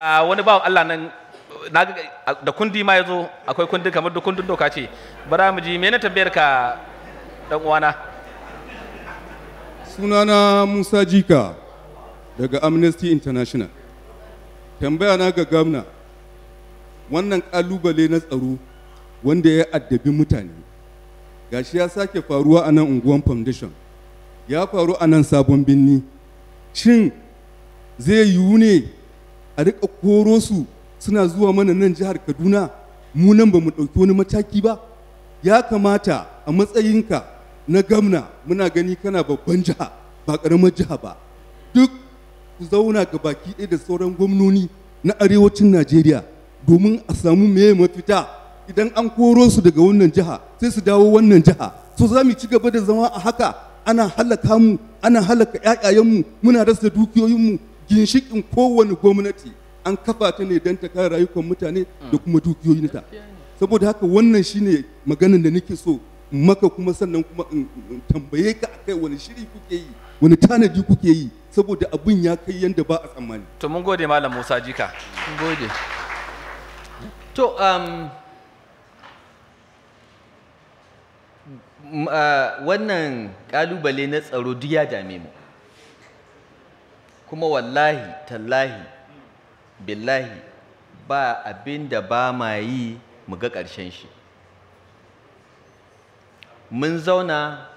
a wani bawan Allah nan da kundi ma ya zo akwai kundi kamar da kundin doka ce bara mu ji mene tambayar ka dan uwana sunana Musa Jika daga Amnesty International tambaya na ga gwamna wannan kalubale na tsaro wanda ya addabi mutane gashi ya sake faruwa a nan unguwan foundation ya faru a nan sabon binni shin zai yiwu ne a rika koro su suna zuwa mana nan jihar kaduna mu nan ba mu ɗauki wani mataki ba ya kamata a matsayinka na gamna muna gani kana babban jiha ba ƙaramar jiha ba duk ku zauna ga baki ɗaya da sauran gwamnoni na arewacin najeriya domin a samu meye mafita idan an koro su daga wannan jiha sai su dawo wannan jiha so za mu ci gaba da zama a haka ana halaka mu ana halaka mu muna rasa dukiyoyinmu ginshikin kowane gwamnati an kafa ta ne don ta kare rayukan mutane da hmm. kuma dukiyoyin ta saboda haka wannan shine maganan da nake so maka kuma sannan kuma in tambaye ka akai wani shiri kuke yi wani tanadi kuke yi saboda abin ya kai yadda ba a tsammani to mun gode malam Musa Jika mun gode to um, uh, wannan kalubale na tsaro duk ya dame mu kuma wallahi tallahi billahi ba abin da ba ma yi mu ga ƙarshen shi mun zauna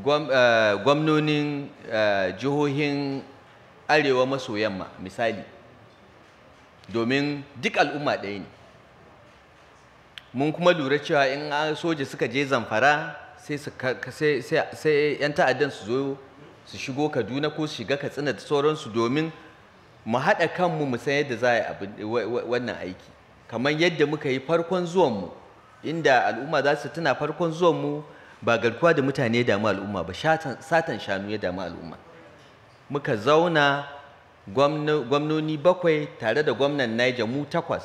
eh, gwamnonin eh, jihohin arewa maso yamma misali domin duk al'umma ɗaya ne mun kuma lura cewa in soja suka je zamfara sai 'yan ta'addan su zo su shigo kaduna ko su shiga katsina da sauransu domin mu haɗa kanmu mu san yadda za a yi wannan aiki kamar yadda muka yi farkon zuwanmu inda al'umma za su tuna farkon zuwanmu ba garkuwa da mutane ya damu al'umma ba satan shanu ya damu al'umma muka zauna gwamnoni bakwai tare da gwamnan Niger mu takwas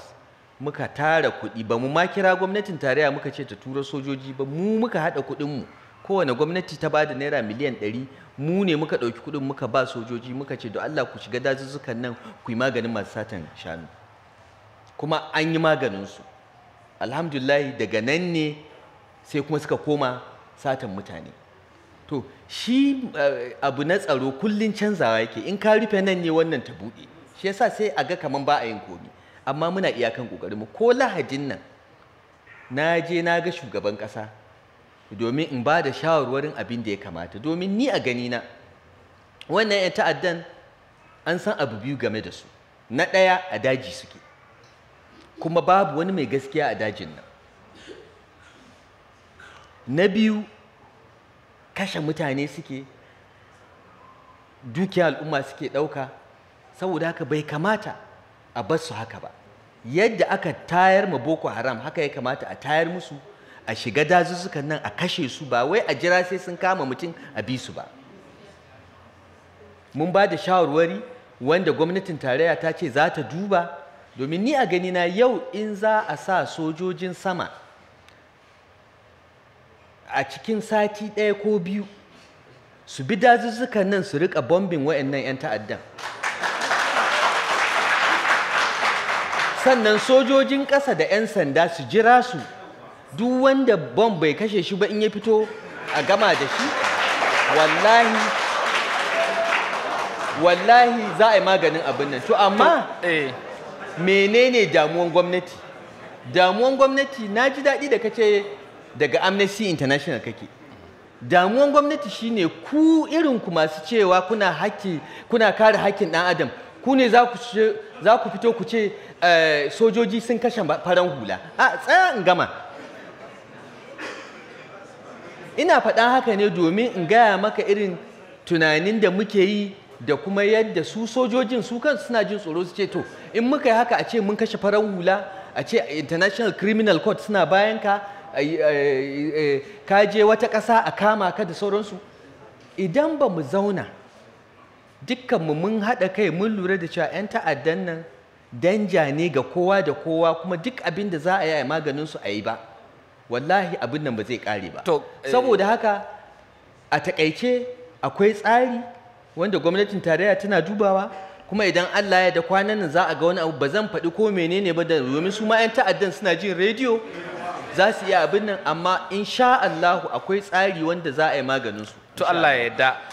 muka tara kuɗi ba mu ma kira gwamnatin tarayya muka ce ta tura sojoji ba mu muka haɗa kuɗinmu mu kowane gwamnati ta bada naira miliyan ɗari mu ne muka ɗauki kuɗin muka ba sojoji muka ce da Allah ku shiga dazuzzukan nan ku yi maganin masu satan shanu kuma an yi maganinsu alhamdulillahi daga nan ne sai kuma suka koma satan mutane to shi eh, abu na tsaro kullum canzawa yake in ka rufe nan ne wannan ta buɗe shi yasa sai a ga kaman ba a yin komi amma muna iyakan mu. ko lahadin nan na je na ga shugaban ƙasa domin in ba da shawarwarin abin da ya kamata domin ni a gani na. wannan 'yan ta'addan an san abu biyu game da su na ɗaya a daji suke kuma babu wani mai gaskiya a dajin nan na biyu kashe mutane suke dukiya al'umma suke ɗauka saboda haka bai kamata a bar haka ba yadda aka tayar ma boko haram haka ya kamata a tayar musu a shiga dazuzzukan nan a kashe su ba wai a jira sai sun kama mutum a bi su ba mun ba da shawarwari wanda gwamnatin tarayya ta ce za ta duba domin ni a gani na yau in za a sa sojojin sama a cikin sati ɗaya ko biyu su bi dazuzzukan nan su rika bombin wa'annan 'yan ta'addan sannan sojojin ƙasa da 'yan sanda su jira su duk wanda bom bai kashe shi ba in ya fito a gama da shi wallahi wallahi za a yi maganin abin nan to amma eh. menene damuwan gwamnati damuwan gwamnati na ji daɗi da kace daga amnesty international kake damuwan gwamnati shine ku irin ku masu cewa kuna haƙƙi kuna kare haƙƙin ɗan adam ku ne za ku fito ku ce eh, sojoji sun kashe faran hula a tsaya in gama ina faɗa haka ne domin in gaya maka irin tunanin da muke yi da kuma yadda su sojojin su kan suna jin tsoro su ce to in muka yi haka a ce mun kashe farar hula a ce international criminal court suna bayan ka ka wata ƙasa a kama ka da sauransu idan ba mu zauna dukkanmu mun haɗa kai mun lura da cewa 'yan ta'addan nan danja ne ga kowa da kowa kuma duk abin da za a yi a maganinsu a yi ba wallahi abin nan ba zai kare ba eh, saboda haka a takaice akwai tsari wanda gwamnatin tarayya tana dubawa kuma idan Allah ya da kwanan nan za a ga wani abu ba zan faɗi ko menene ba da domin su ma 'yan ta'addan suna jin rediyo za su iya abin nan amma insha Allahu akwai tsari wanda za a yi maganin su to Allah ya yarda